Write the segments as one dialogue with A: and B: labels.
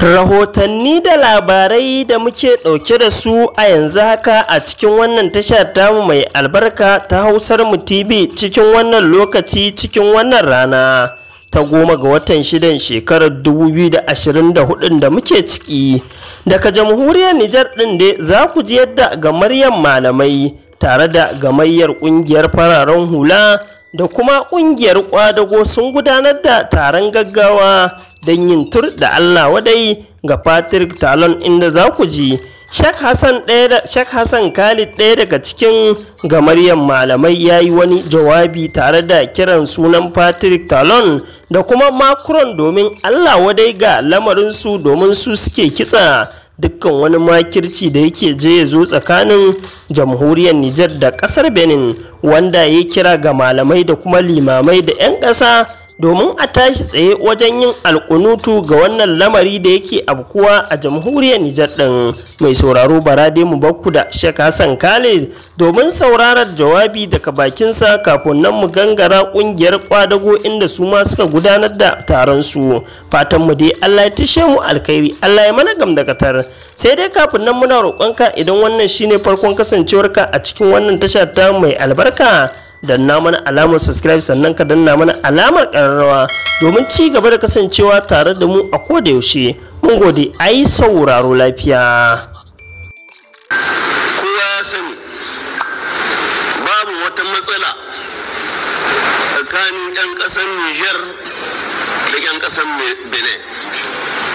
A: rahotanni da labarai da muke ɗauke da su a yanzu haka a cikin wannan tashar tamu mai albarka ta hausar mu tv cikin wannan lokaci cikin wannan rana ta goma ga watan shidan shekarar 2024 da muke ciki daga jamhuriyar nijar ɗin dai za ku ji yadda gamaryar malamai tare da gamayyar ƙungiyar fararen hula da kuma ƙungiyar ƙwadago sun gudanar da taron gaggawa don yin tur da Allah wadai ga Patrick Talon inda za ku ji Sheikh Hassan Khalid ɗaya daga cikin gamaryan malamai ya yi wani jawabi tare da kiran sunan Patrick Talon da kuma Macron domin Allah wadai ga lamarinsu domin su suke kitsa dukkan wani makirci da yake je ya zo tsakanin jamhuriyar Nijar da ƙasar Benin wanda ya kira ga malamai da kuma limamai da 'yan ƙasa domin a tashi tsaye wajen yin alkunutu ga wannan lamari da yake abkuwa a jamhuriyar Nijar ɗin mai sauraro barade mu bakku da Sheikh Hassan Kale domin saurarar jawabi daga bakinsa kafin nan mu gangara ƙungiyar kwadago inda su ma suka gudanar da taron su fatan mu dai Allah ya tishe mu alkhairi Allah ya mana katar sai dai kafin nan muna roƙonka idan wannan shine farkon kasancewarka a cikin wannan tashar ta mai albarka danna mana alamar subscribe sannan ka danna mana alamar ƙararrawa domin ci gaba da kasancewa tare da mu a yaushe mun gode ai sauraro lafiya kowa ya sani
B: babu wata matsala tsakanin 'yan ƙasar niger da 'yan ƙasar benin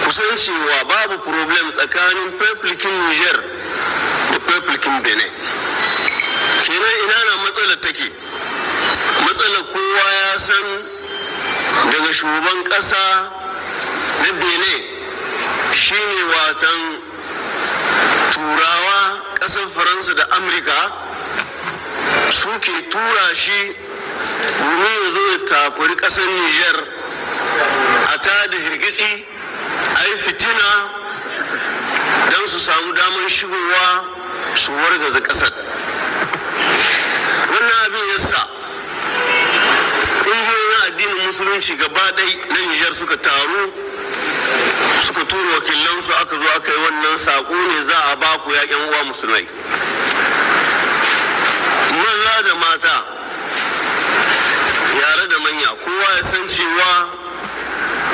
B: kusan cewa babu problem tsakanin republikin niger da republikin benin kenan ina na matsalar take nan daga shugaban ƙasa na benin shine watan turawa ƙasar faransa da amurka suke tura shi domin ya zo ya takuri ƙasar niger a ta da hirgitsi a yi fitina don su samu damar shigowa su wargaza ƙasar wannan abin yasa musulunci gaba ɗai na nijar suka taru suka turo wakilansu aka zo aka yi wannan saƙo ne za a ba ku yaƙin uwa musulmai maza da mata yare da manya kowa ya san cewa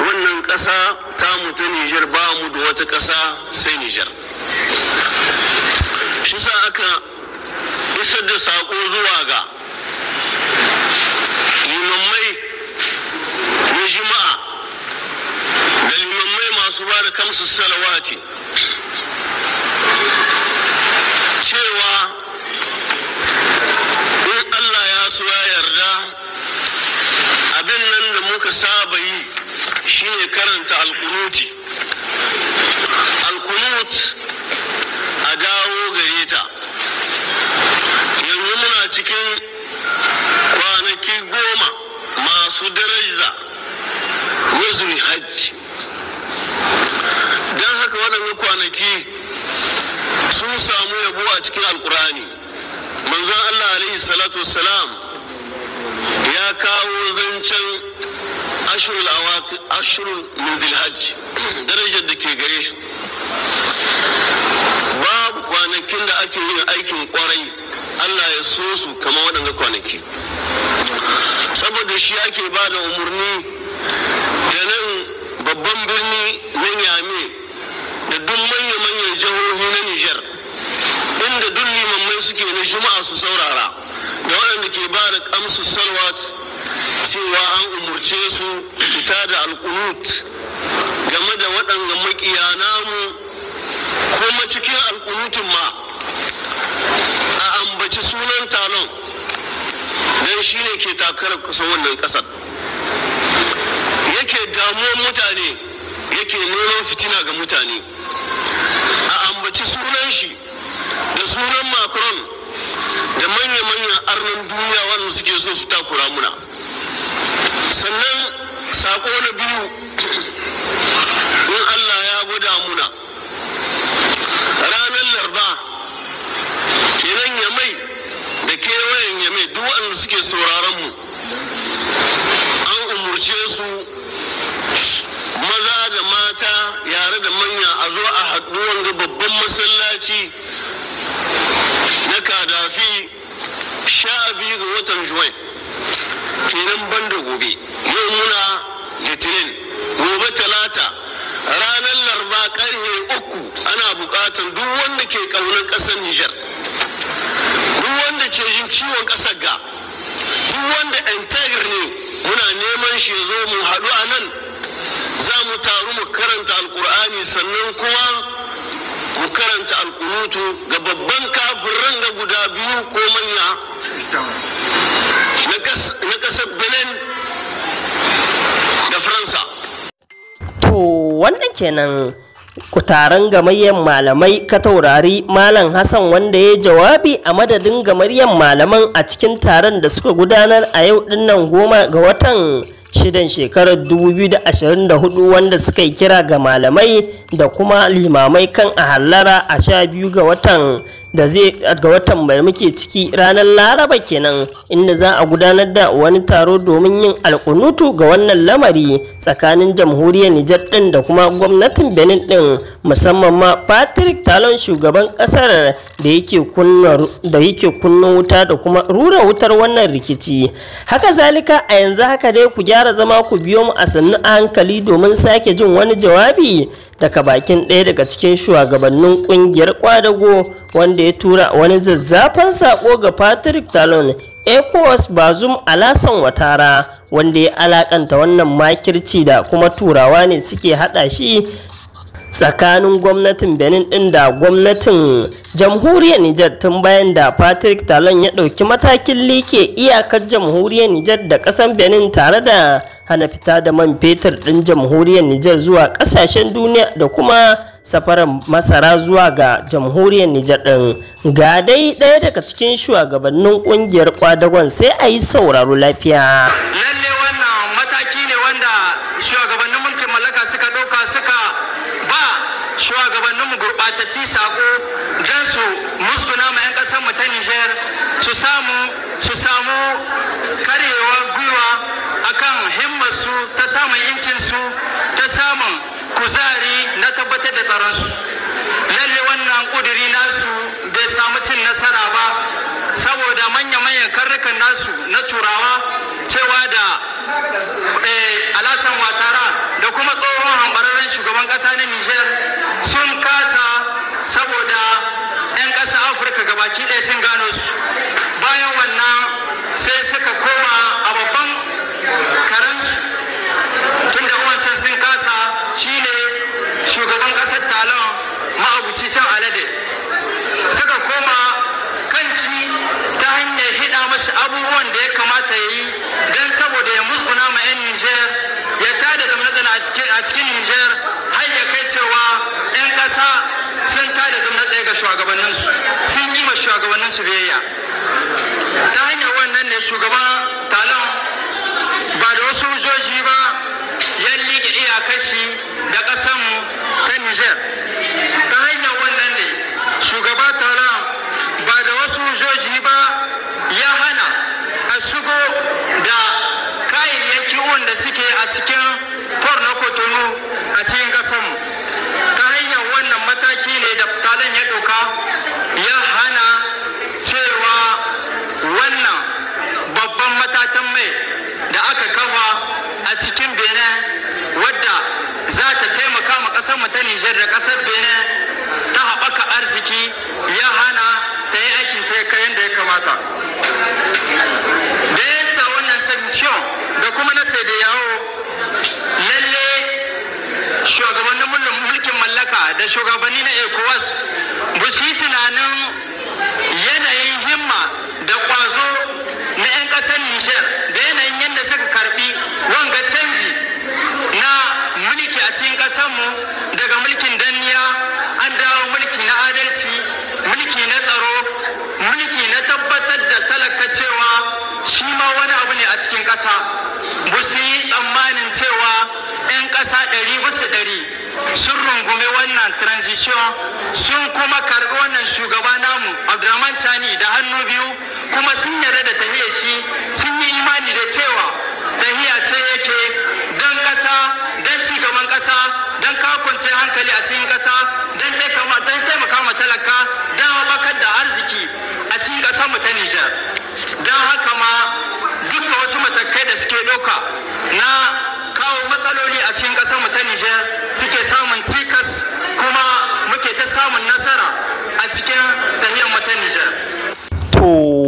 B: wannan ƙasa tamu ta nijar ba mu da wata ƙasa sai nijar shi sa aka isar da saƙo zuwa ga na juma'a da limammai masu ba da kamsu salawati cewa in allah ya so ya yarda abin nan da muka saba yi shine karanta alkunuti alkunut a dawo gare ta yanzu muna cikin kwanaki goma masu daraja wuzuri hajji don haka waɗanda kwanaki sun samu yabo a cikin alkurani manzon allah alaihi salatu wassalam ya kawo zancen ashirul ashirul min darajar da ke gare shi babu kwanakin da ake yin aikin kwarai allah ya so su kama waɗanda kwanaki saboda shi ake ba da umarni da nan babban birni na nyame da duk manya-manyan jihohi na nijar inda duk limammai suke na juma'a su saurara da waɗanda ke ba da kamsu salwat cewa an umurce su su da alkunut game da waɗanda makiya namu kuma cikin alkunutun ma a ambaci sunan talon don shi ne ke takarar kusan wannan ƙasar yake damuwar mutane yake neman fitina ga mutane a ambaci sunan shi da sunan macron da manya-manyan arnan duniya wanda suke so su takura muna sannan sako na biyu in allah ya gwada muna ranar larba kenan Yamai da kewayen Yamai mai duk suke saura a zo a haɗu wanga babban masallaci na kadafi sha biyu ga watan juwai kenan ban da gobe yau muna litinin gobe talata ranar larba karhe uku ana bukatan duk wanda ke kaunar ƙasar nijar duk wanda ke jin ciwon ƙasar ga duk wanda integr ne muna neman shi zo mu haɗu a nan mu taru mu karanta alkur'ani sannan kuma mu karanta alkunutu ga babban kafirin da guda biyu ko manya na kasar benin
A: da faransa to wannan kenan kutaren gamayyar malamai ka taurari malam hassan wanda ya jawabi a madadin gamayyar malaman a cikin taron da suka gudanar a yau dinnan goma ga watan shidan shekarar 2024 wanda suka yi kira ga malamai da kuma limamai kan a hallara a sha biyu ga watan da zai ga watan mai muke ciki ranar laraba kenan inda za a gudanar da wani taro domin yin alkunutu ga wannan lamari tsakanin jamhuriyar nijar din da kuma gwamnatin benin din musamman ma patrick talon shugaban kasar da yake kunna wuta da kuma rura wutar wannan rikici haka zalika a yanzu haka dai ku gyara zama ku biyo mu a sannu a hankali domin sake jin wani jawabi daga bakin ɗaya daga cikin shugabannin ƙungiyar kwadago wanda ya tura wani zazzafan sako ga patrick talon ecowas bazum alasan watara wanda ya alakanta wannan makirci da kuma turawa ne suke hada shi tsakanin gwamnatin benin din da gwamnatin jamhuriyar nijar tun bayan da patrick talon ya ɗauki matakin like iyakar jamhuriyar nijar da ƙasar benin tare da hana fita da man fetur ɗin jamhuriyar nijar zuwa ƙasashen duniya da kuma safarar masara zuwa ga jamhuriyar nijar ɗin ga dai ɗaya daga cikin shugabannin ƙungiyar kwadagon sai a yi sauraro lafiya
C: su samu su samu karewar gwiwa akan himmarsu ta samun su ta samun kuzari na tabbatar da tsaronsu lalle wannan ƙuduri nasu bai samu cin nasara ba saboda manya-manyan karnukan nasu na turawa cewa da eh, alasan watara da kuma tsohon hambararren shugaban ƙasa na niger sun kasa saboda 'yan kasa afirka gabaki ɗaya sun su biyayya ta hanyar wannan ne shugaba transition sun kuma karɓi wannan shugaba namu abdulrahman tani da hannu biyu kuma sun yarda da tahiyar shi sun yi imani da cewa tahiya ce yake don ƙasa don cigaban ƙasa don kakwance hankali a cikin ƙasa don taimaka ma talaka don haɓakar da arziki a cikin ƙasar mu ta nijar don haka ma duka wasu matakai da suke ɗauka na kawo matsaloli a cikin ƙasar mu ta nijar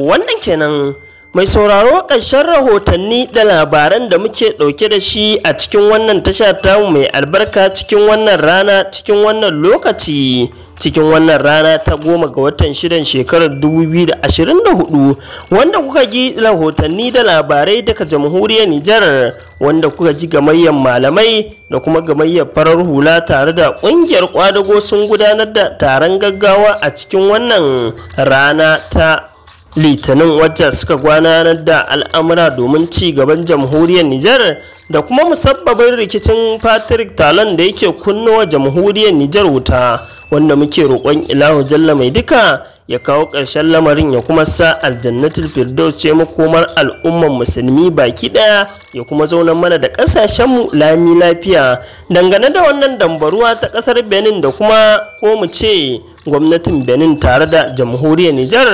A: wannan kenan mai sauraro ƙarshen rahotanni da labaran da muke ɗauke da shi a cikin wannan tasha tamu mai albarka cikin wannan rana cikin wannan lokaci cikin wannan rana ta goma ga watan shidan shekarar 2024 wanda kuka ji rahotanni da labarai daga jamhuriyar Nijar wanda kuka ji gamayyar malamai da kuma gamayyar farar hula tare da ƙungiyar kwadago sun gudanar da taron gaggawa a cikin wannan rana ta litinin wacce suka gudanar da al'amura domin ci gaban jamhuriyar nijar da kuma musabbabin rikicin patrick talon da yake wa jamhuriyar nijar wuta wanda muke roƙon ilahu jalla mai duka ya kawo ƙarshen lamarin ya kuma sa aljannatul firdaus ce makomar al'umman musulmi baki ɗaya ya kuma zauna mana da ƙasashenmu lami lafiya dangane da wannan dambaruwa ta ƙasar benin da kuma ko mu ce gwamnatin benin tare da jamhuriyar nijar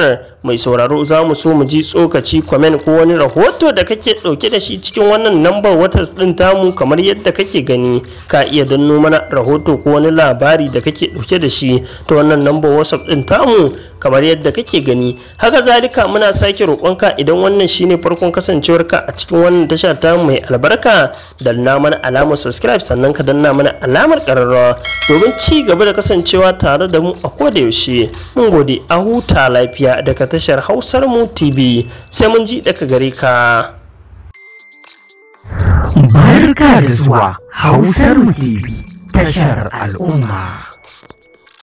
A: mai sauraro za mu so mu ji tsokaci kwamen ko wani rahoto da kake ɗauke da shi cikin wannan lambar watar ɗin tamu kamar yadda kake gani ka iya danno mana rahoto ko wani labari da kake ɗauke da da shi ta wannan number whatsapp din tamu kamar yadda kake gani haka zalika muna sake roƙonka idan wannan shine farkon kasancewarka a cikin wannan tasha ta mai albarka danna mana alamar subscribe sannan ka danna mana alamar ƙararrawa domin ci gaba da kasancewa tare da mu a koda yaushe mun gode a huta lafiya daga tashar hausar mu tv sai mun ji daga gare ka barka da zuwa hausar mu tv tashar
C: al'umma